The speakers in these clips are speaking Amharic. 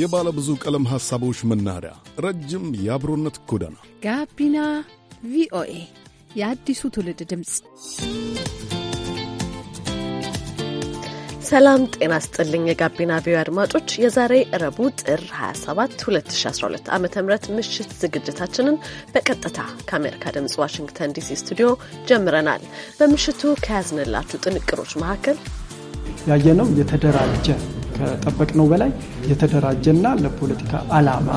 የባለ ብዙ ቀለም ሐሳቦች መናኸሪያ፣ ረጅም የአብሮነት ጎዳና ጋቢና ቪኦኤ የአዲሱ ትውልድ ድምፅ። ሰላም ጤና ስጥልኝ። የጋቢና ቪዮ አድማጮች የዛሬ ረቡ ጥር 27 2012 ዓ ም ምሽት ዝግጅታችንን በቀጥታ ከአሜሪካ ድምፅ ዋሽንግተን ዲሲ ስቱዲዮ ጀምረናል። በምሽቱ ከያዝንላችሁ ጥንቅሮች መካከል ያየነው የተደራጀ ከጠበቅነው በላይ የተደራጀና ለፖለቲካ አላማ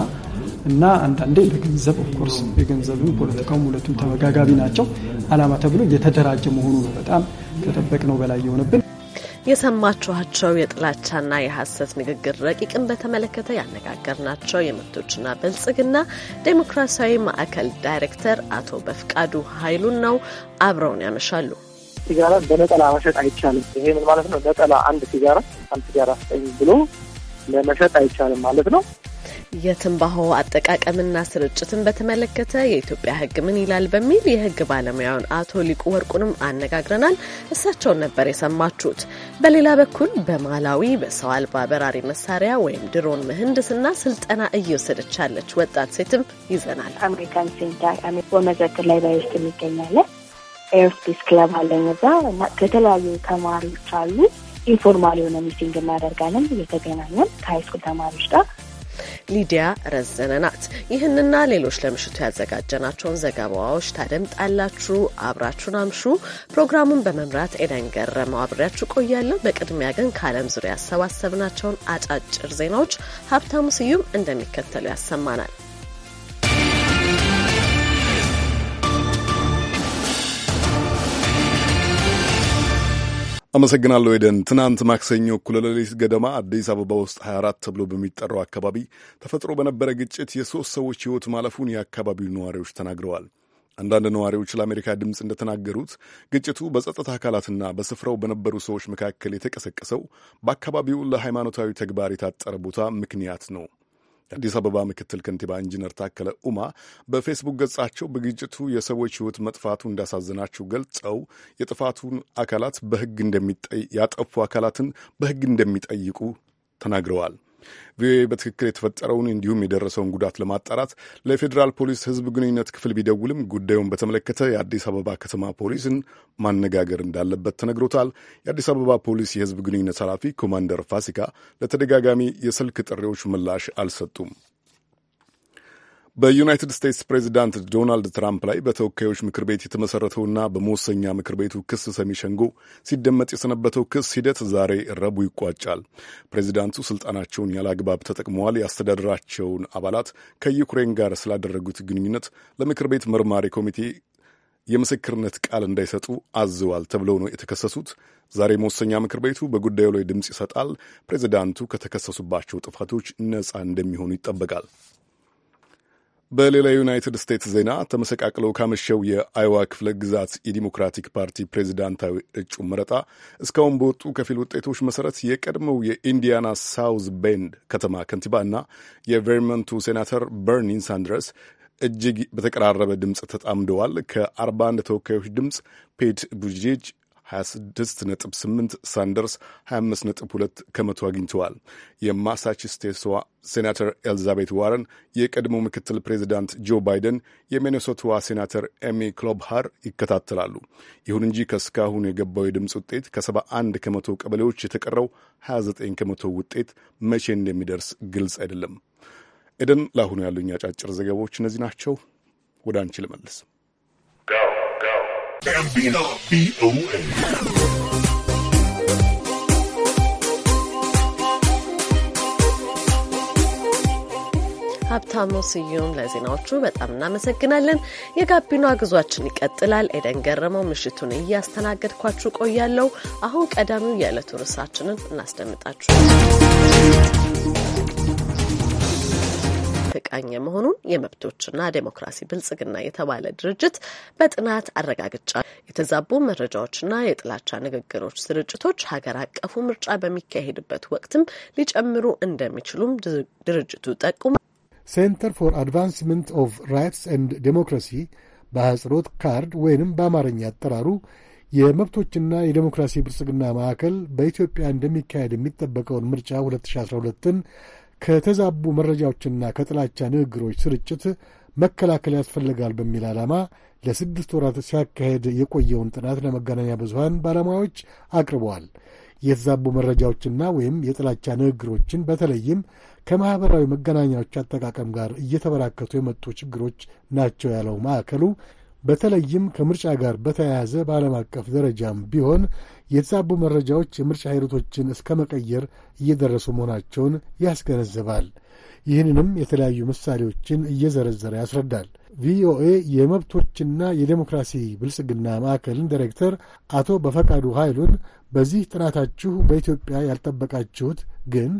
እና አንዳንዴ ለገንዘብ ኦፍኮርስ የገንዘብም ፖለቲካውም ሁለቱም ተመጋጋቢ ናቸው አላማ ተብሎ የተደራጀ መሆኑ ነው በጣም ከጠበቅነው በላይ የሆነብን። የሰማችኋቸው የጥላቻና የሐሰት ንግግር ረቂቅን በተመለከተ ያነጋገርናቸው የመብቶችና ብልጽግና ዴሞክራሲያዊ ማዕከል ዳይሬክተር አቶ በፍቃዱ ኃይሉን ነው። አብረውን ያመሻሉ። ሲጋራ በነጠላ መሸጥ አይቻልም። ይሄ ምን ማለት ነው? ነጠላ አንድ ሲጋራ አንድ ሲጋራ ስጠኝ ብሎ ለመሸጥ አይቻልም ማለት ነው። የትንባሆ አጠቃቀምና ስርጭትን በተመለከተ የኢትዮጵያ ሕግ ምን ይላል በሚል የሕግ ባለሙያውን አቶ ሊቁ ወርቁንም አነጋግረናል። እሳቸውን ነበር የሰማችሁት። በሌላ በኩል በማላዊ በሰው አልባ በራሪ መሳሪያ ወይም ድሮን ምህንድስና ስልጠና እየወሰደች ያለች ወጣት ሴትም ይዘናል። አሜሪካን ሴንተር ወመዘክር ላይ ባይስት የሚገኛለን ኤርስፔስ ክለብ አለን እዛ እና ከተለያዩ ተማሪዎች አሉ። ኢንፎርማል የሆነ ሚቲንግ እናደርጋለን። እየተገናኘን ከሃይስኩል ተማሪዎች ጋር ሊዲያ ረዘነ ናት። ይህንና ሌሎች ለምሽቱ ያዘጋጀናቸውን ዘገባዎች ታደምጣላችሁ። አብራችሁን አምሹ። ፕሮግራሙን በመምራት ኤደን ገረመው አብሬያችሁ ቆያለሁ። በቅድሚያ ግን ከዓለም ዙሪያ ያሰባሰብናቸውን አጫጭር ዜናዎች ሀብታሙ ስዩም እንደሚከተሉ ያሰማናል። አመሰግናለሁ ኤደን። ትናንት ማክሰኞ እኩለ ሌሊት ገደማ አዲስ አበባ ውስጥ 24 ተብሎ በሚጠራው አካባቢ ተፈጥሮ በነበረ ግጭት የሦስት ሰዎች ሕይወት ማለፉን የአካባቢው ነዋሪዎች ተናግረዋል። አንዳንድ ነዋሪዎች ለአሜሪካ ድምፅ እንደተናገሩት ግጭቱ በጸጥታ አካላትና በስፍራው በነበሩ ሰዎች መካከል የተቀሰቀሰው በአካባቢው ለሃይማኖታዊ ተግባር የታጠረ ቦታ ምክንያት ነው የአዲስ አበባ ምክትል ከንቲባ ኢንጂነር ታከለ ኡማ በፌስቡክ ገጻቸው በግጭቱ የሰዎች ሕይወት መጥፋቱ እንዳሳዘናቸው ገልጸው የጥፋቱን አካላት በሕግ ያጠፉ አካላትን በሕግ እንደሚጠይቁ ተናግረዋል። ቪኦኤ በትክክል የተፈጠረውን እንዲሁም የደረሰውን ጉዳት ለማጣራት ለፌዴራል ፖሊስ ህዝብ ግንኙነት ክፍል ቢደውልም ጉዳዩን በተመለከተ የአዲስ አበባ ከተማ ፖሊስን ማነጋገር እንዳለበት ተነግሮታል። የአዲስ አበባ ፖሊስ የህዝብ ግንኙነት ኃላፊ ኮማንደር ፋሲካ ለተደጋጋሚ የስልክ ጥሪዎች ምላሽ አልሰጡም። በዩናይትድ ስቴትስ ፕሬዚዳንት ዶናልድ ትራምፕ ላይ በተወካዮች ምክር ቤት የተመሠረተውና በመወሰኛ ምክር ቤቱ ክስ ሰሚ ሸንጎ ሲደመጥ የሰነበተው ክስ ሂደት ዛሬ ረቡዕ ይቋጫል። ፕሬዚዳንቱ ስልጣናቸውን ያለአግባብ ተጠቅመዋል፣ ያስተዳደራቸውን አባላት ከዩክሬን ጋር ስላደረጉት ግንኙነት ለምክር ቤት መርማሪ ኮሚቴ የምስክርነት ቃል እንዳይሰጡ አዘዋል ተብለው ነው የተከሰሱት። ዛሬ መወሰኛ ምክር ቤቱ በጉዳዩ ላይ ድምፅ ይሰጣል። ፕሬዚዳንቱ ከተከሰሱባቸው ጥፋቶች ነፃ እንደሚሆኑ ይጠበቃል። በሌላ ዩናይትድ ስቴትስ ዜና ተመሰቃቅለው ካመሸው የአይዋ ክፍለ ግዛት የዲሞክራቲክ ፓርቲ ፕሬዚዳንታዊ እጩ መረጣ እስካሁን በወጡ ከፊል ውጤቶች መሠረት የቀድሞው የኢንዲያና ሳውዝ ቤንድ ከተማ ከንቲባና የቬርመንቱ ሴናተር በርኒ ሳንደርስ እጅግ በተቀራረበ ድምፅ ተጣምደዋል። ከ41 ተወካዮች ድምፅ ፔት ቡጅጅ 26.8 ሳንደርስ 25.2 ከመቶ አግኝተዋል። የማሳቹሴትስዋ ሴናተር ኤልዛቤት ዋረን፣ የቀድሞ ምክትል ፕሬዚዳንት ጆ ባይደን፣ የሚኔሶታዋ ሴናተር ኤሚ ክሎብሃር ይከታተላሉ። ይሁን እንጂ ከእስካሁን የገባው የድምፅ ውጤት ከ71 ከመቶ ቀበሌዎች የተቀረው 29 ከመቶ ውጤት መቼ እንደሚደርስ ግልጽ አይደለም። ኤደን፣ ለአሁኑ ያሉኝ አጫጭር ዘገባዎች እነዚህ ናቸው። ወደ አንቺ ልመልስ። ጋቢና ሀብታሙ ስዩም ለዜናዎቹ በጣም እናመሰግናለን። የጋቢና ጉዟችን ይቀጥላል። ኤደን ገረመው ምሽቱን እያስተናገድኳችሁ ቆያለሁ። አሁን ቀዳሚው የዕለቱ ርዕሳችንን እናስደምጣችሁ። የተቃኘ መሆኑን የመብቶችና ዴሞክራሲ ብልጽግና የተባለ ድርጅት በጥናት አረጋግጫ የተዛቡ መረጃዎችና የጥላቻ ንግግሮች ስርጭቶች ሀገር አቀፉ ምርጫ በሚካሄድበት ወቅትም ሊጨምሩ እንደሚችሉም ድርጅቱ ጠቁሟል። ሴንተር ፎር አድቫንስመንት ኦፍ ራይትስ ኤንድ ዴሞክራሲ በአጽሮት ካርድ ወይንም በአማርኛ አጠራሩ የመብቶችና የዴሞክራሲ ብልጽግና ማዕከል በኢትዮጵያ እንደሚካሄድ የሚጠበቀውን ምርጫ 2012ን ከተዛቡ መረጃዎችና ከጥላቻ ንግግሮች ስርጭት መከላከል ያስፈልጋል በሚል ዓላማ ለስድስት ወራት ሲያካሄድ የቆየውን ጥናት ለመገናኛ ብዙሀን ባለሙያዎች አቅርበዋል። የተዛቡ መረጃዎችና ወይም የጥላቻ ንግግሮችን በተለይም ከማኅበራዊ መገናኛዎች አጠቃቀም ጋር እየተበራከቱ የመጡ ችግሮች ናቸው ያለው ማዕከሉ በተለይም ከምርጫ ጋር በተያያዘ በዓለም አቀፍ ደረጃም ቢሆን የተዛቡ መረጃዎች የምርጫ ሂደቶችን እስከ መቀየር እየደረሱ መሆናቸውን ያስገነዝባል። ይህንንም የተለያዩ ምሳሌዎችን እየዘረዘረ ያስረዳል። ቪኦኤ የመብቶችና የዴሞክራሲ ብልጽግና ማዕከልን ዳይሬክተር አቶ በፈቃዱ ኃይሉን በዚህ ጥናታችሁ በኢትዮጵያ ያልጠበቃችሁት ግን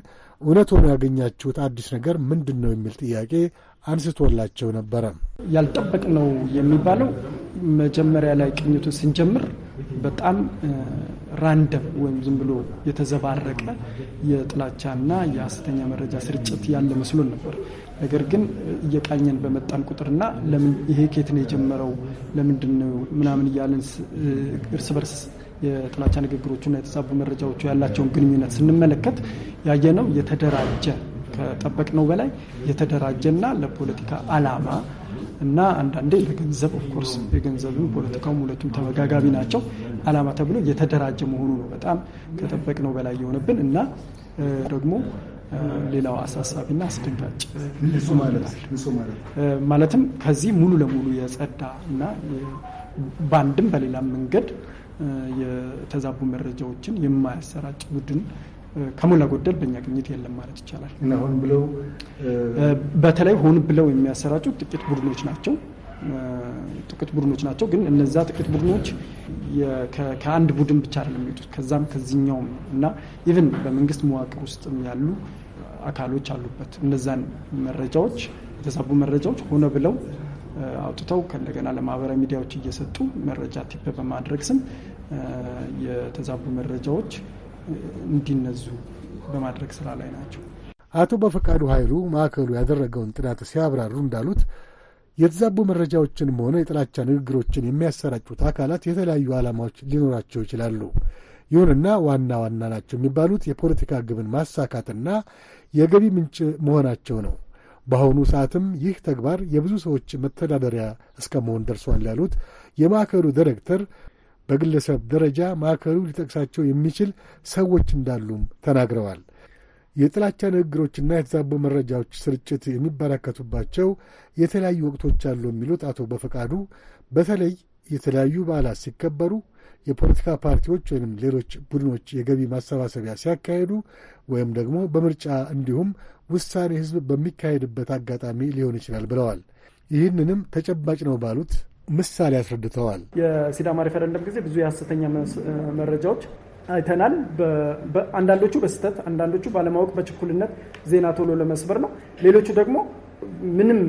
እውነት ሆኖ ያገኛችሁት አዲስ ነገር ምንድን ነው የሚል ጥያቄ አንስቶላቸው ነበረ። ያልጠበቅ ነው የሚባለው መጀመሪያ ላይ ቅኝቱ ስንጀምር በጣም ራንደም ወይም ዝም ብሎ የተዘባረቀ የጥላቻና የሐሰተኛ መረጃ ስርጭት ያለ መስሎን ነበር። ነገር ግን እየቃኘን በመጣን ቁጥርና ለምን ይሄ ኬት ነው የጀመረው ለምንድን ነው ምናምን እያለን እርስ በርስ የጥላቻ ንግግሮቹና የተዛቡ መረጃዎቹ ያላቸውን ግንኙነት ስንመለከት ያየነው የተደራጀ ከጠበቅነው በላይ የተደራጀና ለፖለቲካ አላማ እና አንዳንዴ ለገንዘብ ኦፍኮርስ የገንዘብም ፖለቲካውም ሁለቱም ተመጋጋቢ ናቸው አላማ ተብሎ የተደራጀ መሆኑ ነው በጣም ከጠበቅነው በላይ የሆነብን እና ደግሞ ሌላው አሳሳቢና አስደንጋጭ ማለትም ከዚህ ሙሉ ለሙሉ የጸዳ እና በአንድም በሌላ መንገድ የተዛቡ መረጃዎችን የማያሰራጭ ቡድን ከሞላ ጎደል በእኛ ግኝት የለም ማለት ይቻላል። እና ሆን ብለው በተለይ ሆን ብለው የሚያሰራጩት ጥቂት ቡድኖች ናቸው ጥቂት ቡድኖች ናቸው። ግን እነዛ ጥቂት ቡድኖች ከአንድ ቡድን ብቻ አይደለም የሚወጡት ከዛም ከዚኛውም እና ኢቭን በመንግስት መዋቅር ውስጥም ያሉ አካሎች አሉበት። እነዛን መረጃዎች የተዛቡ መረጃዎች ሆነ ብለው አውጥተው ከእንደገና ለማህበራዊ ሚዲያዎች እየሰጡ መረጃ ቲፕ በማድረግ ስም የተዛቡ መረጃዎች እንዲነዙ በማድረግ ስራ ላይ ናቸው። አቶ በፈቃዱ ኃይሉ ማዕከሉ ያደረገውን ጥናት ሲያብራሩ እንዳሉት የተዛቡ መረጃዎችንም ሆነ የጥላቻ ንግግሮችን የሚያሰራጩት አካላት የተለያዩ ዓላማዎች ሊኖራቸው ይችላሉ። ይሁንና ዋና ዋና ናቸው የሚባሉት የፖለቲካ ግብን ማሳካትና የገቢ ምንጭ መሆናቸው ነው። በአሁኑ ሰዓትም ይህ ተግባር የብዙ ሰዎች መተዳደሪያ እስከ መሆን ደርሷል ያሉት የማዕከሉ ዲሬክተር በግለሰብ ደረጃ ማዕከሉ ሊጠቅሳቸው የሚችል ሰዎች እንዳሉም ተናግረዋል። የጥላቻ ንግግሮችና የተዛቡ መረጃዎች ስርጭት የሚበራከቱባቸው የተለያዩ ወቅቶች አሉ የሚሉት አቶ በፈቃዱ በተለይ የተለያዩ በዓላት ሲከበሩ የፖለቲካ ፓርቲዎች ወይም ሌሎች ቡድኖች የገቢ ማሰባሰቢያ ሲያካሄዱ ወይም ደግሞ በምርጫ እንዲሁም ውሳኔ ሕዝብ በሚካሄድበት አጋጣሚ ሊሆን ይችላል ብለዋል። ይህንንም ተጨባጭ ነው ባሉት ምሳሌ አስረድተዋል። የሲዳማ ሪፈረንደም ጊዜ ብዙ የሀሰተኛ መረጃዎች አይተናል። አንዳንዶቹ በስህተት አንዳንዶቹ ባለማወቅ በችኩልነት ዜና ቶሎ ለመስበር ነው። ሌሎቹ ደግሞ ምንም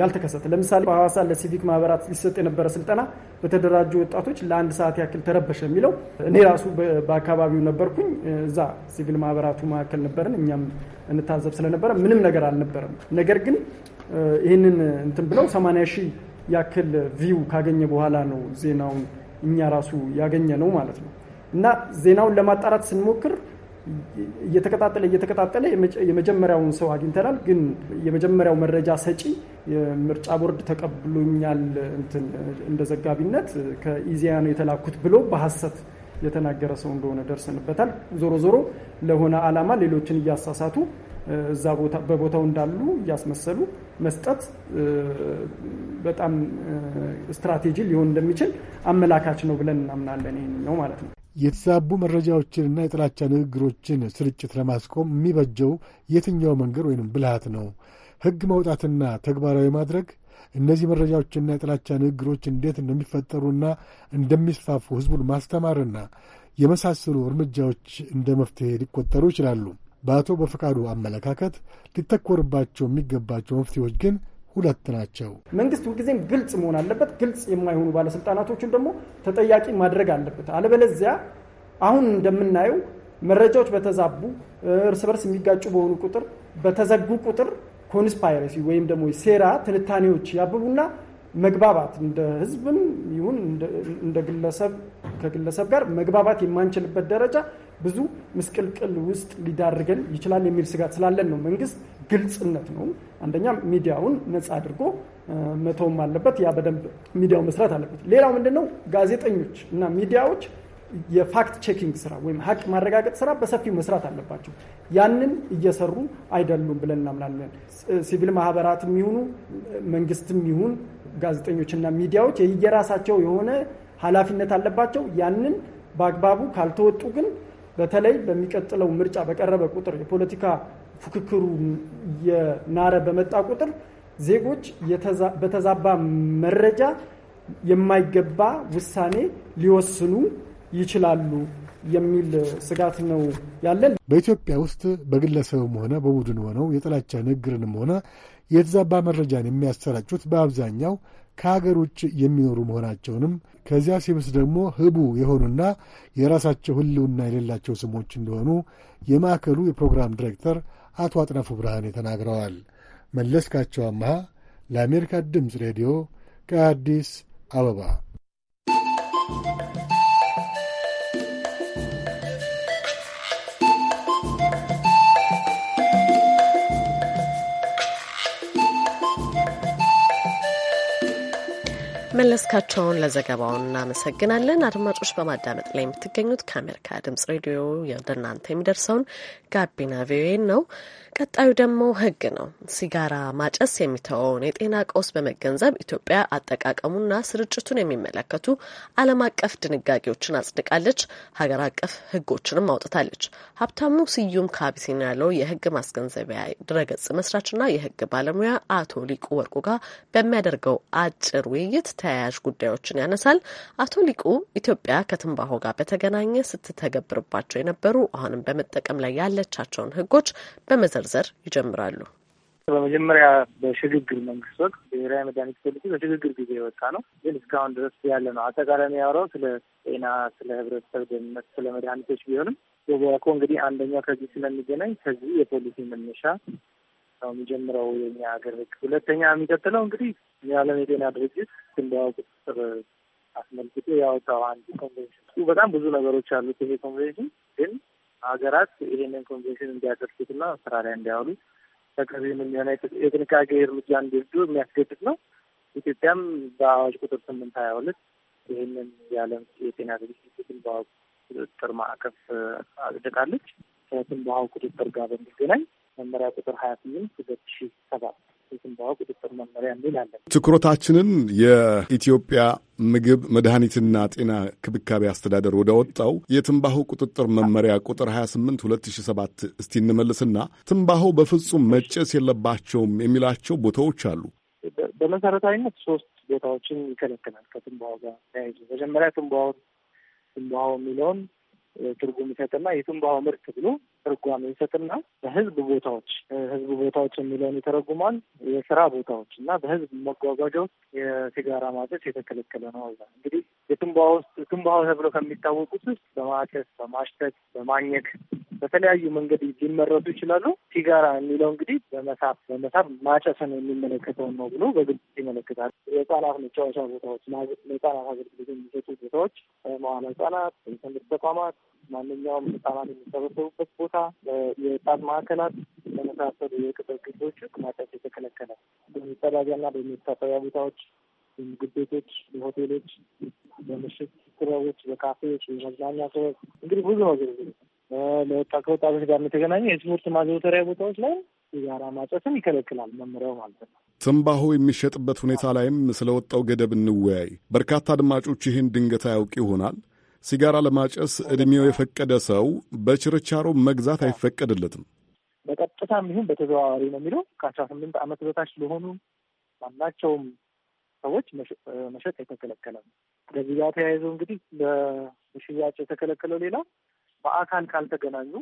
ያልተከሰተ ለምሳሌ በሐዋሳ ለሲቪክ ማህበራት ሊሰጥ የነበረ ስልጠና በተደራጁ ወጣቶች ለአንድ ሰዓት ያክል ተረበሸ የሚለው እኔ ራሱ በአካባቢው ነበርኩኝ። እዛ ሲቪል ማህበራቱ መካከል ነበርን። እኛም እንታዘብ ስለነበረ ምንም ነገር አልነበረም። ነገር ግን ይህንን እንትን ብለው 80 ሺህ ያክል ቪው ካገኘ በኋላ ነው ዜናውን እኛ ራሱ ያገኘ ነው ማለት ነው። እና ዜናውን ለማጣራት ስንሞክር እየተቀጣጠለ እየተቀጣጠለ የመጀመሪያውን ሰው አግኝተናል። ግን የመጀመሪያው መረጃ ሰጪ የምርጫ ቦርድ ተቀብሎኛል እንትን እንደ ዘጋቢነት ከኢዜአ ነው የተላኩት ብሎ በሀሰት የተናገረ ሰው እንደሆነ ደርሰንበታል። ዞሮ ዞሮ ለሆነ ዓላማ ሌሎችን እያሳሳቱ እዛ በቦታው እንዳሉ እያስመሰሉ መስጠት በጣም ስትራቴጂ ሊሆን እንደሚችል አመላካች ነው ብለን እናምናለን። ነው ማለት ነው። የተዛቡ መረጃዎችንና የጥላቻ ንግግሮችን ስርጭት ለማስቆም የሚበጀው የትኛው መንገድ ወይንም ብልሃት ነው? ህግ መውጣትና ተግባራዊ ማድረግ እነዚህ መረጃዎችና የጥላቻ ንግግሮች እንዴት እንደሚፈጠሩና እንደሚስፋፉ ህዝቡን ማስተማርና የመሳሰሉ እርምጃዎች እንደ መፍትሄ ሊቆጠሩ ይችላሉ። በአቶ በፈቃዱ አመለካከት ሊተኮርባቸው የሚገባቸው መፍትሄዎች ግን ሁለት ናቸው። መንግስት ሁልጊዜም ግልጽ መሆን አለበት። ግልጽ የማይሆኑ ባለስልጣናቶችን ደግሞ ተጠያቂ ማድረግ አለበት። አለበለዚያ አሁን እንደምናየው መረጃዎች በተዛቡ እርስ በርስ የሚጋጩ በሆኑ ቁጥር በተዘጉ ቁጥር ኮንስፓይረሲ ወይም ደግሞ ሴራ ትንታኔዎች ያብቡና መግባባት እንደ ህዝብም ይሁን እንደ ግለሰብ ከግለሰብ ጋር መግባባት የማንችልበት ደረጃ ብዙ ምስቅልቅል ውስጥ ሊዳርገን ይችላል የሚል ስጋት ስላለን ነው። መንግስት ግልጽነት ነው። አንደኛ ሚዲያውን ነጻ አድርጎ መተውም አለበት። ያ በደንብ ሚዲያው መስራት አለበት። ሌላው ነው? ጋዜጠኞች እና ሚዲያዎች የፋክት ቼኪንግ ስራ ወይም ሀቅ ማረጋገጥ ስራ በሰፊው መስራት አለባቸው። ያንን እየሰሩ አይደሉም ብለን እናምናለን። ሲቪል ማህበራትም የሚሆኑ መንግስትም ይሁን ጋዜጠኞችና ሚዲያዎች የየራሳቸው የሆነ ኃላፊነት አለባቸው። ያንን በአግባቡ ካልተወጡ ግን በተለይ በሚቀጥለው ምርጫ በቀረበ ቁጥር የፖለቲካ ፉክክሩ የናረ በመጣ ቁጥር ዜጎች በተዛባ መረጃ የማይገባ ውሳኔ ሊወስኑ ይችላሉ የሚል ስጋት ነው ያለን። በኢትዮጵያ ውስጥ በግለሰብም ሆነ በቡድን ሆነው የጥላቻ ንግግርንም ሆነ የተዛባ መረጃን የሚያሰራጩት በአብዛኛው ከሀገር ውጭ የሚኖሩ መሆናቸውንም ከዚያ ሲብስ ደግሞ ህቡ የሆኑና የራሳቸው ህልውና የሌላቸው ስሞች እንደሆኑ የማዕከሉ የፕሮግራም ዲሬክተር አቶ አጥናፉ ብርሃኔ ተናግረዋል። መለስካቸው አምሃ ለአሜሪካ ድምፅ ሬዲዮ ከአዲስ አበባ መለስካቸውን ለዘገባው እናመሰግናለን። አድማጮች በማዳመጥ ላይ የምትገኙት ከአሜሪካ ድምጽ ሬዲዮ ወደ የሚደርሰውን ጋቢና ቪኦኤ ነው። ቀጣዩ ደግሞ ሕግ ነው። ሲጋራ ማጨስ የሚተወውን የጤና ቀውስ በመገንዘብ ኢትዮጵያ አጠቃቀሙና ስርጭቱን የሚመለከቱ ዓለም አቀፍ ድንጋጌዎችን አጽድቃለች። ሀገር አቀፍ ሕጎችንም አውጥታለች። ሀብታሙ ስዩም ከአቢሲኒያ ያለው የሕግ ማስገንዘቢያ ድረገጽ መስራችና የሕግ ባለሙያ አቶ ሊቁ ወርቁ ጋር በሚያደርገው አጭር ውይይት ተያያዥ ጉዳዮችን ያነሳል። አቶ ሊቁ ኢትዮጵያ ከትንባሆ ጋር በተገናኘ ስትተገብርባቸው የነበሩ አሁንም በመጠቀም ላይ ያለቻቸውን ህጎች በመዘርዘር ይጀምራሉ። በመጀመሪያ በሽግግር መንግስት ወቅት ብሔራዊ መድኃኒት ፖሊሲ በሽግግር ጊዜ የወጣ ነው፣ ግን እስካሁን ድረስ ያለ ነው። አጠቃላይ የሚያወራው ስለ ጤና፣ ስለ ህብረተሰብ ደህንነት፣ ስለ መድኃኒቶች ቢሆንም የዘኮ እንግዲህ አንደኛው ከዚህ ስለሚገናኝ ከዚህ የፖሊሲ መነሻ ነው የሚጀምረው የኛ ሀገር ህግ። ሁለተኛ የሚቀጥለው እንግዲህ የዓለም የጤና ድርጅት ትንበያ ቁጥጥር አስመልክቶ ያወጣው አንድ ኮንቬንሽን በጣም ብዙ ነገሮች አሉት። ይሄ ኮንቬንሽን ግን ሀገራት ይሄንን ኮንቬንሽን እንዲያደርሱትና ስራ ላይ እንዲያውሉ ተገቢም የሚሆነ የጥንቃቄ እርምጃ እንዲወስዱ የሚያስገድድ ነው። ኢትዮጵያም በአዋጅ ቁጥር ስምንት ሀያ ሁለት ይህንን የዓለም የጤና ድርጅት የትንበያ ቁጥጥር ማዕቀፍ አጽድቃለች። ከትንበያው ቁጥጥር ጋር በሚገናኝ መመሪያ ቁጥር ሀያ ስምንት ሁለት ሺ ሰባት ቁጥጥር መመሪያ የሚል ትኩረታችንን የኢትዮጵያ ምግብ መድኃኒትና ጤና ክብካቤ አስተዳደር ወደ ወጣው የትንባሆ ቁጥጥር መመሪያ ቁጥር 28 2007 እስቲ እንመልስና ትንባሆ በፍጹም መጨስ የለባቸውም የሚላቸው ቦታዎች አሉ። በመሰረታዊነት ሶስት ቦታዎችን ይከለክላል ከትንባሆ ጋር ተያይዞ መጀመሪያ ትንባሆ ትንባሆ የሚለውን ትርጉም ይሰጥና የትንባሆ ምርት ብሎ ትርጓሜ ይሰጥና በህዝብ ቦታዎች ህዝብ ቦታዎች የሚለውን ይተረጉማል። የስራ ቦታዎች እና በህዝብ መጓጓዣ ውስጥ የሲጋራ ማጨስ የተከለከለ ነው። አዛ እንግዲህ የትንባሆ ውስጥ ትንባሆ ተብሎ ከሚታወቁት ውስጥ በማጨስ በማሽተት በማኘክ በተለያዩ መንገድ ሊመረቱ ይችላሉ። ሲጋራ የሚለው እንግዲህ በመሳብ በመሳብ ማጨስን የሚመለከተውን ነው ብሎ በግልጽ ይመለከታል። የህጻናት መጫወቻ ቦታዎች፣ ለህጻናት አገልግሎት የሚሰጡ ቦታዎች፣ መዋለ ህጻናት፣ የትምህርት ተቋማት፣ ማንኛውም ህጻናት የሚሰበሰቡበት ቦታ፣ የህጻን ማዕከላት ለመሳሰሉ የቅጥር ግቦች ማጨስ የተከለከለ በመጸዳጃና በመታጠቢያ ቦታዎች ምግብ ቤቶች፣ በሆቴሎች፣ በምሽት ክበቦች፣ በካፌዎች፣ በመዝናኛ ክበብ እንግዲህ ብዙ ነገር ለወጣት ከወጣቶች ጋር የተገናኘ የስፖርት ማዘውተሪያ ቦታዎች ላይ የጋራ ማጨትን ይከለክላል መምሪያው ማለት ነው። ትንባሆ የሚሸጥበት ሁኔታ ላይም ስለወጣው ገደብ እንወያይ። በርካታ አድማጮች ይህን ድንገት አያውቅ ይሆናል። ሲጋራ ለማጨስ እድሜው የፈቀደ ሰው በችርቻሮ መግዛት አይፈቀድለትም። በቀጥታም ይሁን በተዘዋዋሪ ነው የሚለው ከአስራ ስምንት ዓመት በታች ለሆኑ ማናቸውም ሰዎች መሸጥ አይተከለከለም። ነው። ከዚህ ጋር ተያይዞ እንግዲህ በሽያጭ የተከለከለው ሌላ በአካል ካልተገናኙ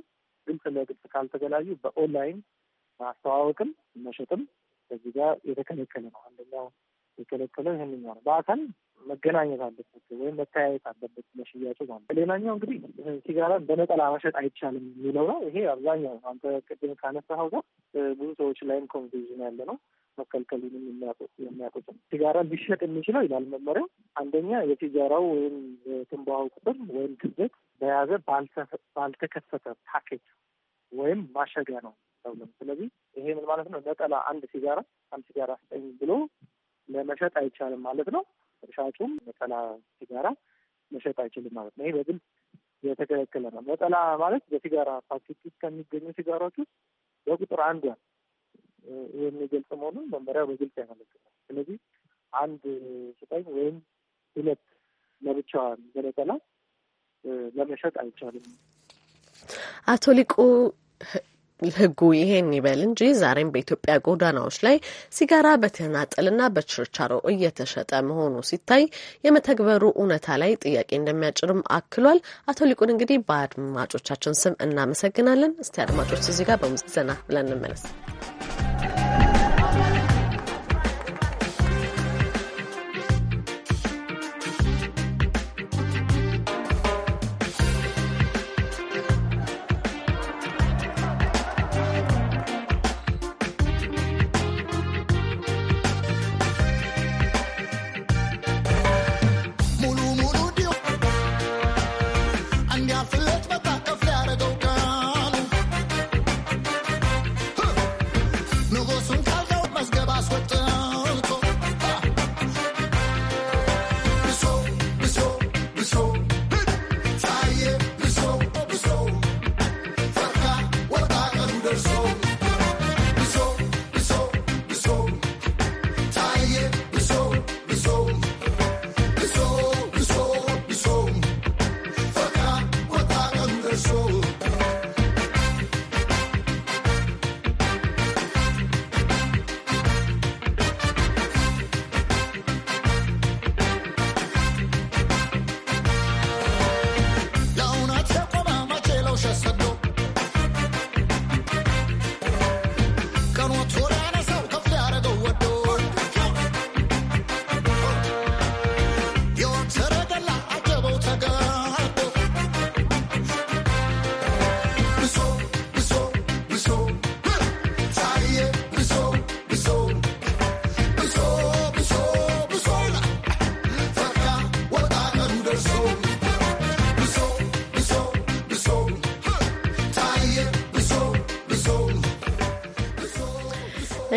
ግልጽ ለግልጽ ካልተገናኙ በኦንላይን ማስተዋወቅም መሸጥም በዚህ ጋር የተከለከለ ነው። አንደኛው የከለከለ ይህንኛው ነው። በአካል መገናኘት አለበት ወይም መተያየት አለበት ለሽያጩ ማለት ነው። ሌላኛው እንግዲህ ሲጋራን በነጠላ መሸጥ አይቻልም የሚለው ነው። ይሄ አብዛኛው አንተ ቅድም ካነሳኸው ጋር ብዙ ሰዎች ላይም ኮንፊውዥን ያለ ነው። መከልከሉንም የሚያውቁትም ሲጋራ ሊሸጥ የሚችለው ይላል መመሪያው አንደኛ የሲጋራው ወይም የትንባሆ ቁጥር ወይም ክብደት በያዘ ባልተከፈተ ፓኬጅ ወይም ማሸጊያ ነው ተብሎም። ስለዚህ ይሄ ምን ማለት ነው? ነጠላ አንድ ሲጋራ አንድ ሲጋራ ስጠኝ ብሎ ለመሸጥ አይቻልም ማለት ነው። ሻጩም ነጠላ ሲጋራ መሸጥ አይችልም ማለት ነው። ይሄ በግልጽ የተከለከለ ነው። ነጠላ ማለት በሲጋራ ፓኬት ውስጥ ከሚገኙ ሲጋራዎች ውስጥ በቁጥር አንዷ የሚገልጽ መሆኑን መመሪያው በግልጽ ያመለክታል። ስለዚህ አንድ ስጠኝ ወይም ሁለት ለብቻዋን በነጠላ ለመሸጥ አይቻልም። አቶ ሊቁ ህጉ ይሄን ይበል እንጂ ዛሬም በኢትዮጵያ ጎዳናዎች ላይ ሲጋራ በተናጠልና በችርቻሮ እየተሸጠ መሆኑ ሲታይ የመተግበሩ እውነታ ላይ ጥያቄ እንደሚያጭርም አክሏል። አቶ ሊቁን እንግዲህ በአድማጮቻችን ስም እናመሰግናለን። እስቲ አድማጮች እዚህ ጋር በሙዚቃ ዘና ብለን እንመለስ።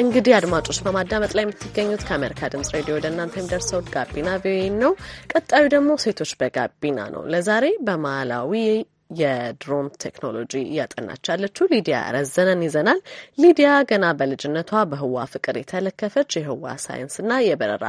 እንግዲህ አድማጮች በማዳመጥ ላይ የምትገኙት ከአሜሪካ ድምጽ ሬዲዮ ወደ እናንተ የሚደርሰው ጋቢና ቪኦኤ ነው። ቀጣዩ ደግሞ ሴቶች በጋቢና ነው። ለዛሬ በማላዊ የድሮን ቴክኖሎጂ እያጠናች ያለችው ሊዲያ ረዘነን ይዘናል። ሊዲያ ገና በልጅነቷ በህዋ ፍቅር የተለከፈች የህዋ ሳይንስና የበረራ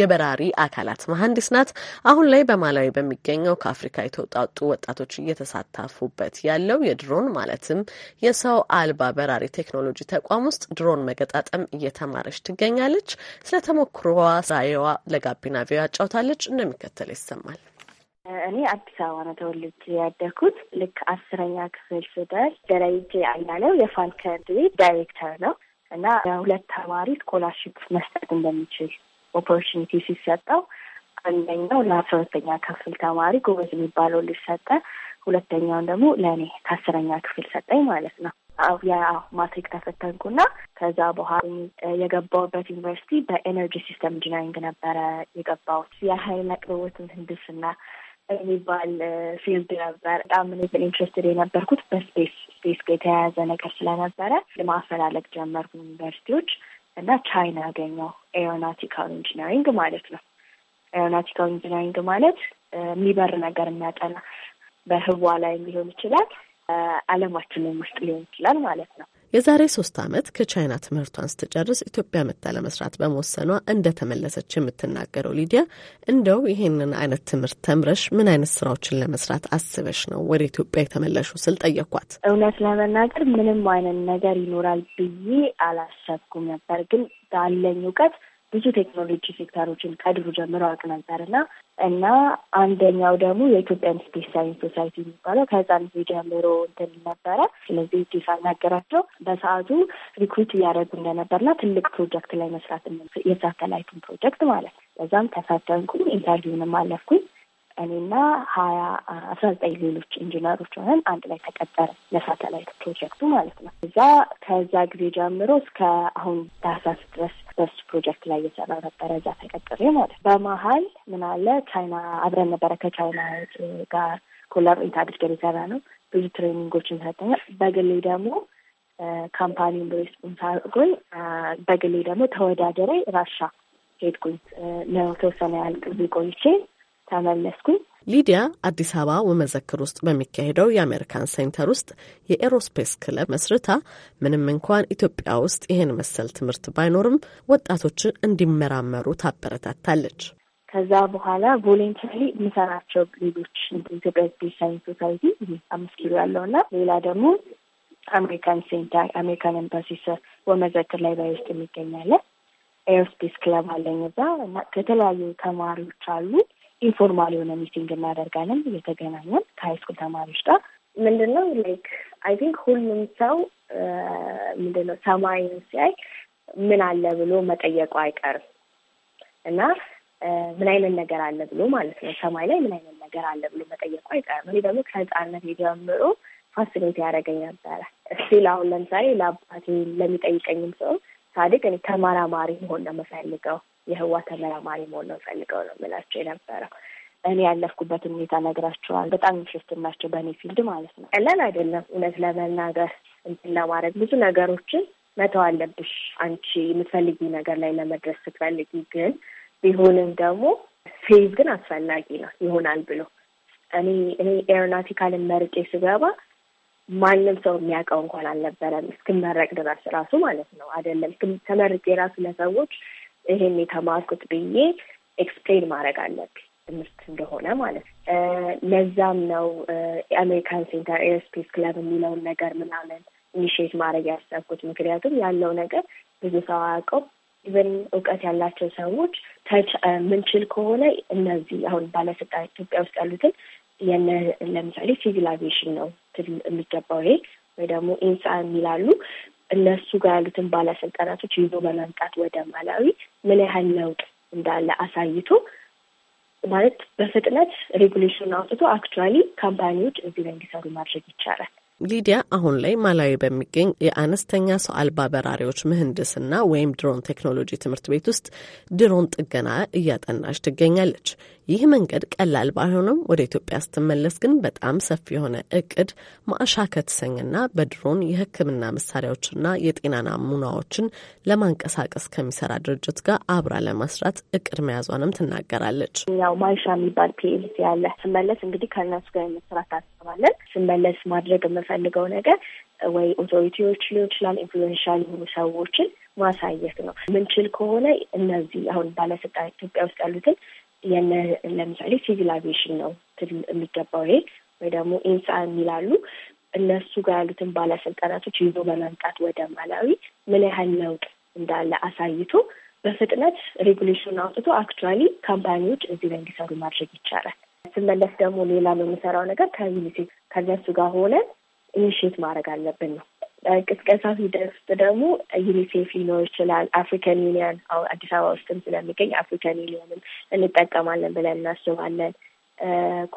የበራሪ አካላት መሀንዲስ ናት። አሁን ላይ በማላዊ በሚገኘው ከአፍሪካ የተውጣጡ ወጣቶች እየተሳተፉበት ያለው የድሮን ማለትም የሰው አልባ በራሪ ቴክኖሎጂ ተቋም ውስጥ ድሮን መገጣጠም እየተማረች ትገኛለች። ስለ ተሞክሮዋ ስራዋ ለጋቢና ቪዮ ያጫውታለች። እንደሚከተል ይሰማል። እኔ አዲስ አበባ ነው ተወልጄ ያደኩት። ልክ አስረኛ ክፍል ስደር ደረጀ አያሌው የፋልከን ቤት ዳይሬክተር ነው እና ለሁለት ተማሪ ስኮላርሽፕ መስጠት እንደሚችል ኦፖርቹኒቲ ሲሰጠው አንደኛው ለአስራ ሁለተኛ ክፍል ተማሪ ጎበዝ የሚባለው ልጅ ሰጠ። ሁለተኛውን ደግሞ ለእኔ ከአስረኛ ክፍል ሰጠኝ ማለት ነው። ማትሪክ ተፈተንኩና ከዛ በኋላ የገባውበት ዩኒቨርሲቲ በኤነርጂ ሲስተም ኢንጂነሪንግ ነበረ የገባሁት። የሀይል አቅርቦት ህንድስና የሚባል ፊልድ ነበር። በጣም ምን ኢንትረስትድ የነበርኩት በስፔስ ስፔስ ጋር የተያያዘ ነገር ስለነበረ ለማፈላለግ ጀመርኩ ዩኒቨርሲቲዎች እና ቻይና ያገኘው ኤሮናቲካል ኢንጂነሪንግ ማለት ነው። ኤሮናቲካል ኢንጂነሪንግ ማለት የሚበር ነገር የሚያጠና በህዋ ላይ ሊሆን ይችላል፣ አለማችንም ውስጥ ሊሆን ይችላል ማለት ነው። የዛሬ ሶስት ዓመት ከቻይና ትምህርቷን ስትጨርስ ኢትዮጵያ መታ ለመስራት በመወሰኗ እንደተመለሰች የምትናገረው ሊዲያ እንደው ይህንን አይነት ትምህርት ተምረሽ ምን አይነት ስራዎችን ለመስራት አስበሽ ነው ወደ ኢትዮጵያ የተመለሹ ስል ጠየኳት። እውነት ለመናገር ምንም አይነት ነገር ይኖራል ብዬ አላሰብኩም ነበር፣ ግን ባለኝ እውቀት ብዙ ቴክኖሎጂ ሴክተሮችን ከድሩ ጀምሮ አውቅ ነበር እና እና አንደኛው ደግሞ የኢትዮጵያን ስፔስ ሳይንስ ሶሳይቲ የሚባለው ከህጻንነት ጀምሮ እንትን ነበረ። ስለዚህ ጌ ሳናገራቸው በሰዓቱ ሪክሩት እያደረጉ እንደነበርና ትልቅ ፕሮጀክት ላይ መስራት የሳተላይቱን ፕሮጀክት ማለት ነው። በዛም ተፈተንኩ፣ ኢንተርቪውንም አለፍኩኝ። እኔና ሀያ አስራ ዘጠኝ ሌሎች ኢንጂነሮች ሆነን አንድ ላይ ተቀጠረ ለሳተላይት ፕሮጀክቱ ማለት ነው። እዛ ከዛ ጊዜ ጀምሮ እስከ አሁን ታህሳስ ድረስ በሱ ፕሮጀክት ላይ እየሰራ ነበረ እዛ ተቀጥሬ ማለት ነው። በመሀል ምን አለ ቻይና አብረን ነበረ ከቻይና ጋር ኮላብሬት አድርገን የሰራ ነው። ብዙ ትሬኒንጎችን ሰጠኛል። በግሌ ደግሞ ካምፓኒውን በሬስፖንስ አድርጎኝ በግሌ ደግሞ ተወዳደሬ ራሻ ሄድኩኝ ለተወሰነ ያህል ጊዜ ቆይቼ ተመለስኩኝ። ሊዲያ አዲስ አበባ ወመዘክር ውስጥ በሚካሄደው የአሜሪካን ሴንተር ውስጥ የኤሮስፔስ ክለብ መስርታ ምንም እንኳን ኢትዮጵያ ውስጥ ይህን መሰል ትምህርት ባይኖርም ወጣቶችን እንዲመራመሩ ታበረታታለች። ከዛ በኋላ ቮሌንተሪ የምሰራቸው ሌሎች ኢትዮጵያ ስፔስ ሳይንስ ሶሳይቲ አምስት ኪሎ ያለው እና ሌላ ደግሞ አሜሪካን ሴንተር አሜሪካን ኤምባሲ ወመዘክር ላይ ባይ ውስጥ የሚገኛለን ኤሮስፔስ ክለብ አለኝ እዛ እና ከተለያዩ ተማሪዎች አሉ ኢንፎርማል የሆነ ሚቲንግ እናደርጋለን። እየተገናኘን ከሃይስኩል ተማሪዎች ጋር ምንድነው ላይክ አይ ቲንክ ሁሉም ሰው ምንድነው ሰማይን ሲያይ ምን አለ ብሎ መጠየቁ አይቀርም እና ምን አይነት ነገር አለ ብሎ ማለት ነው። ሰማይ ላይ ምን አይነት ነገር አለ ብሎ መጠየቁ አይቀርም። እኔ ደግሞ ከህፃነት ጀምሮ ፋሲኔት ያደረገኝ ነበረ። እስቲል አሁን ለምሳሌ ለአባቴ ለሚጠይቀኝም ሰው ሳድግ እኔ ተመራማሪ መሆን ነው የምፈልገው የህዋ ተመራማሪ መሆን ነው ፈልገው ነው የምላቸው የነበረው። እኔ ያለፍኩበትን ሁኔታ ነግራቸዋል። በጣም ኢንትረስትድ ናቸው በእኔ ፊልድ ማለት ነው። ቀላል አይደለም እውነት ለመናገር እንትን ለማድረግ ብዙ ነገሮችን መተው አለብሽ አንቺ የምትፈልጊ ነገር ላይ ለመድረስ ስትፈልጊ። ግን ቢሆንም ደግሞ ፌዝ ግን አስፈላጊ ነው ይሆናል ብሎ እኔ እኔ ኤሮናቲካልን መርቄ ስገባ ማንም ሰው የሚያውቀው እንኳን አልነበረም እስክመረቅ ድረስ ራሱ ማለት ነው አይደለም ተመርቄ ራሱ ለሰዎች ይሄን የተማርኩት ብዬ ኤክስፕሌን ማድረግ አለብኝ ትምህርት እንደሆነ ማለት ነው። ለዛም ነው የአሜሪካን ሴንተር ኤርስፔስ ክለብ የሚለውን ነገር ምናምን ኢኒሽት ማድረግ ያሰብኩት። ምክንያቱም ያለው ነገር ብዙ ሰው አያውቀው። ኢቨን እውቀት ያላቸው ሰዎች ተች ምንችል ከሆነ እነዚህ አሁን ባለስልጣን ኢትዮጵያ ውስጥ ያሉትን የነ ለምሳሌ ሲቪላይዜሽን ነው የሚገባው ይሄ ወይ ደግሞ ኢንሳ የሚላሉ እነሱ ጋር ያሉትን ባለስልጣናቶች ይዞ በመምጣት ወደ ማላዊ ምን ያህል ለውጥ እንዳለ አሳይቶ ማለት በፍጥነት ሬጉሌሽን አውጥቶ አክቹዋሊ ካምፓኒዎች እዚህ ላይ እንዲሰሩ ማድረግ ይቻላል። ሊዲያ አሁን ላይ ማላዊ በሚገኝ የአነስተኛ ሰው አልባ በራሪዎች ምህንድስና ወይም ድሮን ቴክኖሎጂ ትምህርት ቤት ውስጥ ድሮን ጥገና እያጠናች ትገኛለች። ይህ መንገድ ቀላል ባይሆንም ወደ ኢትዮጵያ ስትመለስ ግን በጣም ሰፊ የሆነ እቅድ ማዕሻ ከትሰኝና በድሮን የሕክምና መሳሪያዎችና የጤና ናሙናዎችን ለማንቀሳቀስ ከሚሰራ ድርጅት ጋር አብራ ለማስራት እቅድ መያዟንም ትናገራለች። ያው ማዕሻ የሚባል ፒኤልሲ ያለ ስመለስ እንግዲህ ከእነሱ ጋር የመስራት አስባለን። ስመለስ ማድረግ የምንፈልገው ነገር ወይ ኦቶሪቲዎች ሊሆን ይችላል ኢንፍሉዌንሻል የሆኑ ሰዎችን ማሳየት ነው። ምንችል ከሆነ እነዚህ አሁን ባለስልጣን ኢትዮጵያ ውስጥ ያሉትን የነ ለምሳሌ ሲቪል አቪዬሽን ነው የሚገባው ይሄ ወይ ደግሞ ኢንሳ የሚላሉ እነሱ ጋር ያሉትን ባለስልጣናቶች ይዞ በመምጣት ወደ ማላዊ ምን ያህል ለውጥ እንዳለ አሳይቶ በፍጥነት ሬጉሌሽን አውጥቶ አክቹዋሊ ካምፓኒዎች እዚህ ላይ እንዲሰሩ ማድረግ ይቻላል። ስመለስ ደግሞ ሌላ ነው የምሰራው ነገር ከዩኒሴፍ ከነሱ ጋር ሆነን ኢኒሽት ማድረግ አለብን ነው። ቅስቀሳ ሲደርስ ደግሞ ዩኒሴፍ ሊኖር ይችላል። አፍሪካን ዩኒየን አዲስ አበባ ውስጥም ስለሚገኝ አፍሪካን ዩኒየንን እንጠቀማለን ብለን እናስባለን።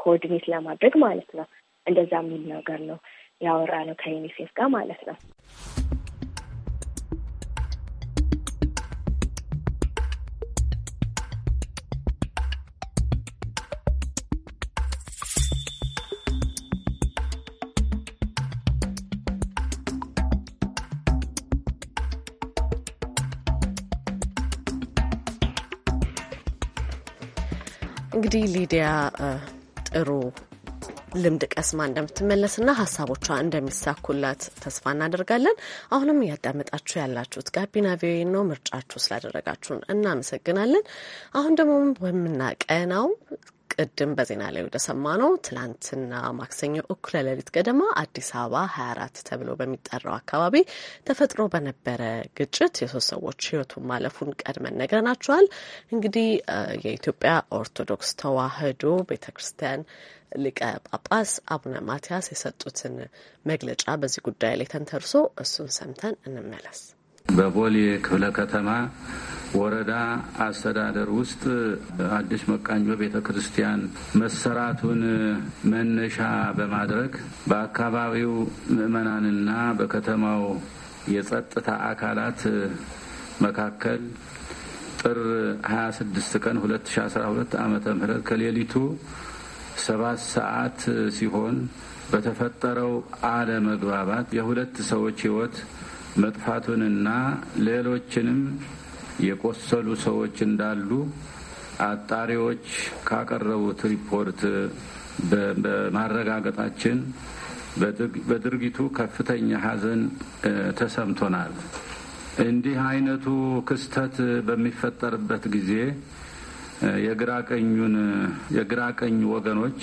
ኮኦርዲኔት ለማድረግ ማለት ነው። እንደዛ የሚል ነገር ነው ያወራ ነው ከዩኒሴፍ ጋር ማለት ነው። እንግዲህ ሊዲያ ጥሩ ልምድ ቀስማ እንደምትመለስና ሀሳቦቿ እንደሚሳኩላት ተስፋ እናደርጋለን። አሁንም እያዳመጣችሁ ያላችሁት ጋቢና ቪኦኤ ነው። ምርጫችሁ ስላደረጋችሁን እናመሰግናለን። አሁን ደግሞ በምናቀናው ቅድም በዜና ላይ ወደሰማ ነው ትላንትና ማክሰኞ እኩለ ሌሊት ገደማ አዲስ አበባ 24 ተብሎ በሚጠራው አካባቢ ተፈጥሮ በነበረ ግጭት የሶስት ሰዎች ህይወቱን ማለፉን ቀድመን ናቸዋል። እንግዲህ የኢትዮጵያ ኦርቶዶክስ ተዋህዶ ቤተ ክርስቲያን ሊቀ ጳጳስ አቡነ ማትያስ የሰጡትን መግለጫ በዚህ ጉዳይ ላይ ተንተርሶ እሱን ሰምተን እንመለስ። በቦሌ ክፍለ ከተማ ወረዳ አስተዳደር ውስጥ አዲስ መቃኞ ቤተ ክርስቲያን መሰራቱን መነሻ በማድረግ በአካባቢው ምዕመናንና በከተማው የጸጥታ አካላት መካከል ጥር 26 ቀን 2012 ዓ ም ከሌሊቱ ሰባት ሰዓት ሲሆን በተፈጠረው አለመግባባት የሁለት ሰዎች ሕይወት መጥፋቱንና ሌሎችንም የቆሰሉ ሰዎች እንዳሉ አጣሪዎች ካቀረቡት ሪፖርት በማረጋገጣችን በድርጊቱ ከፍተኛ ሐዘን ተሰምቶናል። እንዲህ አይነቱ ክስተት በሚፈጠርበት ጊዜ የግራ ቀኝ ወገኖች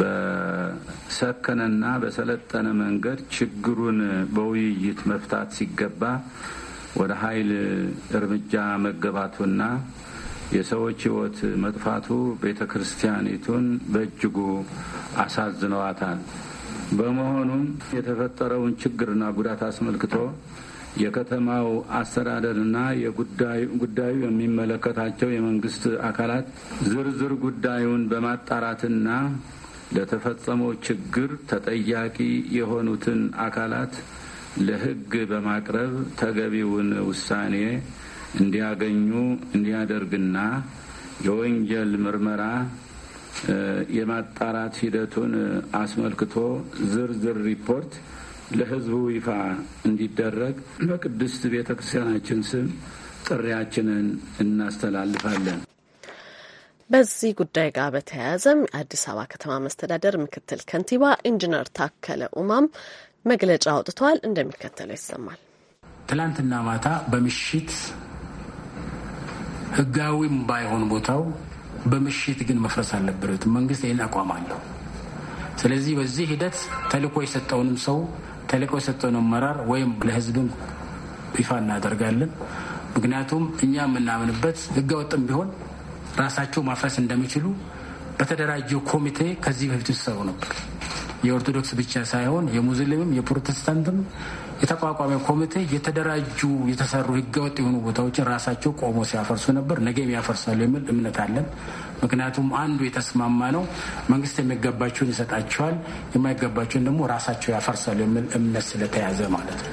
በሰከነና በሰለጠነ መንገድ ችግሩን በውይይት መፍታት ሲገባ ወደ ኃይል እርምጃ መገባቱና የሰዎች ሕይወት መጥፋቱ ቤተ ክርስቲያኒቱን በእጅጉ አሳዝነዋታል። በመሆኑም የተፈጠረውን ችግርና ጉዳት አስመልክቶ የከተማው አስተዳደርና ጉዳዩ የሚመለከታቸው የመንግስት አካላት ዝርዝር ጉዳዩን በማጣራትና ለተፈጸመው ችግር ተጠያቂ የሆኑትን አካላት ለሕግ በማቅረብ ተገቢውን ውሳኔ እንዲያገኙ እንዲያደርግና የወንጀል ምርመራ የማጣራት ሂደቱን አስመልክቶ ዝርዝር ሪፖርት ለሕዝቡ ይፋ እንዲደረግ በቅድስት ቤተ ክርስቲያናችን ስም ጥሪያችንን እናስተላልፋለን። በዚህ ጉዳይ ጋር በተያያዘም የአዲስ አበባ ከተማ መስተዳደር ምክትል ከንቲባ ኢንጂነር ታከለ ኡማም መግለጫ አውጥተዋል። እንደሚከተለው ይሰማል። ትላንትና ማታ በምሽት ህጋዊም ባይሆን ቦታው በምሽት ግን መፍረስ አልነበረትም። መንግስት ይህን አቋም አለው። ስለዚህ በዚህ ሂደት ተልእኮ የሰጠውንም ሰው ተልእኮ የሰጠውን አመራር ወይም ለህዝብም ይፋ እናደርጋለን። ምክንያቱም እኛ የምናምንበት ህገ ወጥም ቢሆን ራሳቸው ማፍረስ እንደሚችሉ በተደራጀው ኮሚቴ ከዚህ በፊት ይሰሩ ነበር። የኦርቶዶክስ ብቻ ሳይሆን የሙስሊምም የፕሮቴስታንትም የተቋቋመ ኮሚቴ የተደራጁ የተሰሩ ህገወጥ የሆኑ ቦታዎችን ራሳቸው ቆሞ ሲያፈርሱ ነበር፣ ነገም ያፈርሳሉ የሚል እምነት አለን። ምክንያቱም አንዱ የተስማማ ነው፣ መንግስት የሚገባቸውን ይሰጣቸዋል፣ የማይገባቸውን ደግሞ ራሳቸው ያፈርሳሉ የሚል እምነት ስለተያዘ ማለት ነው።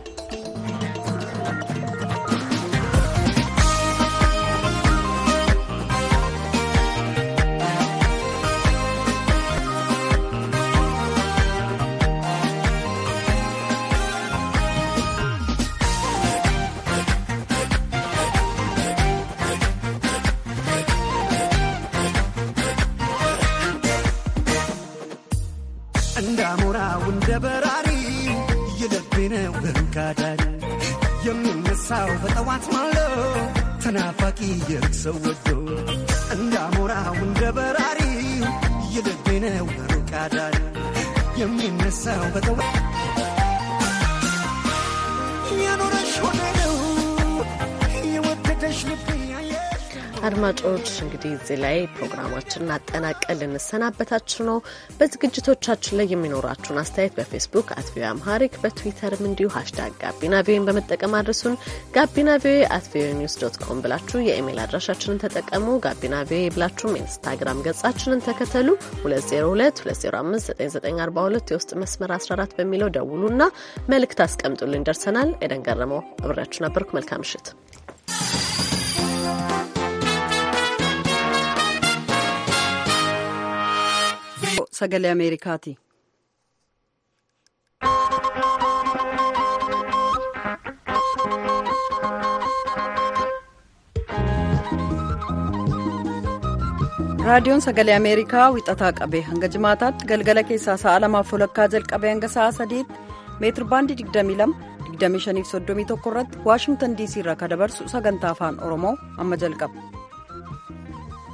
ሰው ወዶ እንደ እንደ በራሪው የልቤ ነው ሩቅ የሚነሳው በጠዋ አድማጮች እንግዲህ እዚህ ላይ ፕሮግራማችንን አጠናቀን ልንሰናበታችሁ ነው። በዝግጅቶቻችን ላይ የሚኖራችሁን አስተያየት በፌስቡክ አት ቪኦኤ አምሃሪክ በትዊተርም እንዲሁ ሀሽታግ ጋቢና ቪኦኤን በመጠቀም አድርሱን። ጋቢና ቪኦኤ አት ቪኦኤ ኒውስ ዶት ኮም ብላችሁ የኢሜይል አድራሻችንን ተጠቀሙ። ጋቢና ቪኦኤ ብላችሁም ኢንስታግራም ገጻችንን ተከተሉ። 2022059942 የውስጥ መስመር 14 በሚለው ደውሉና መልእክት አስቀምጡልን። ደርሰናል። ኤደን ገረመው አብሬያችሁ ነበርኩ። መልካም ምሽት። sagalee Ameerikaati. raadiyoon sagalee ameerikaa wixataa qabe hanga jimaataatti galgala keessaa sa'a lamaaf olakkaa jalqabe hanga sa'a sadiitti meetir baandii 22 irratti waashingtan dc irraa ka dabarsu sagantaa afaan oromoo amma jalqaba.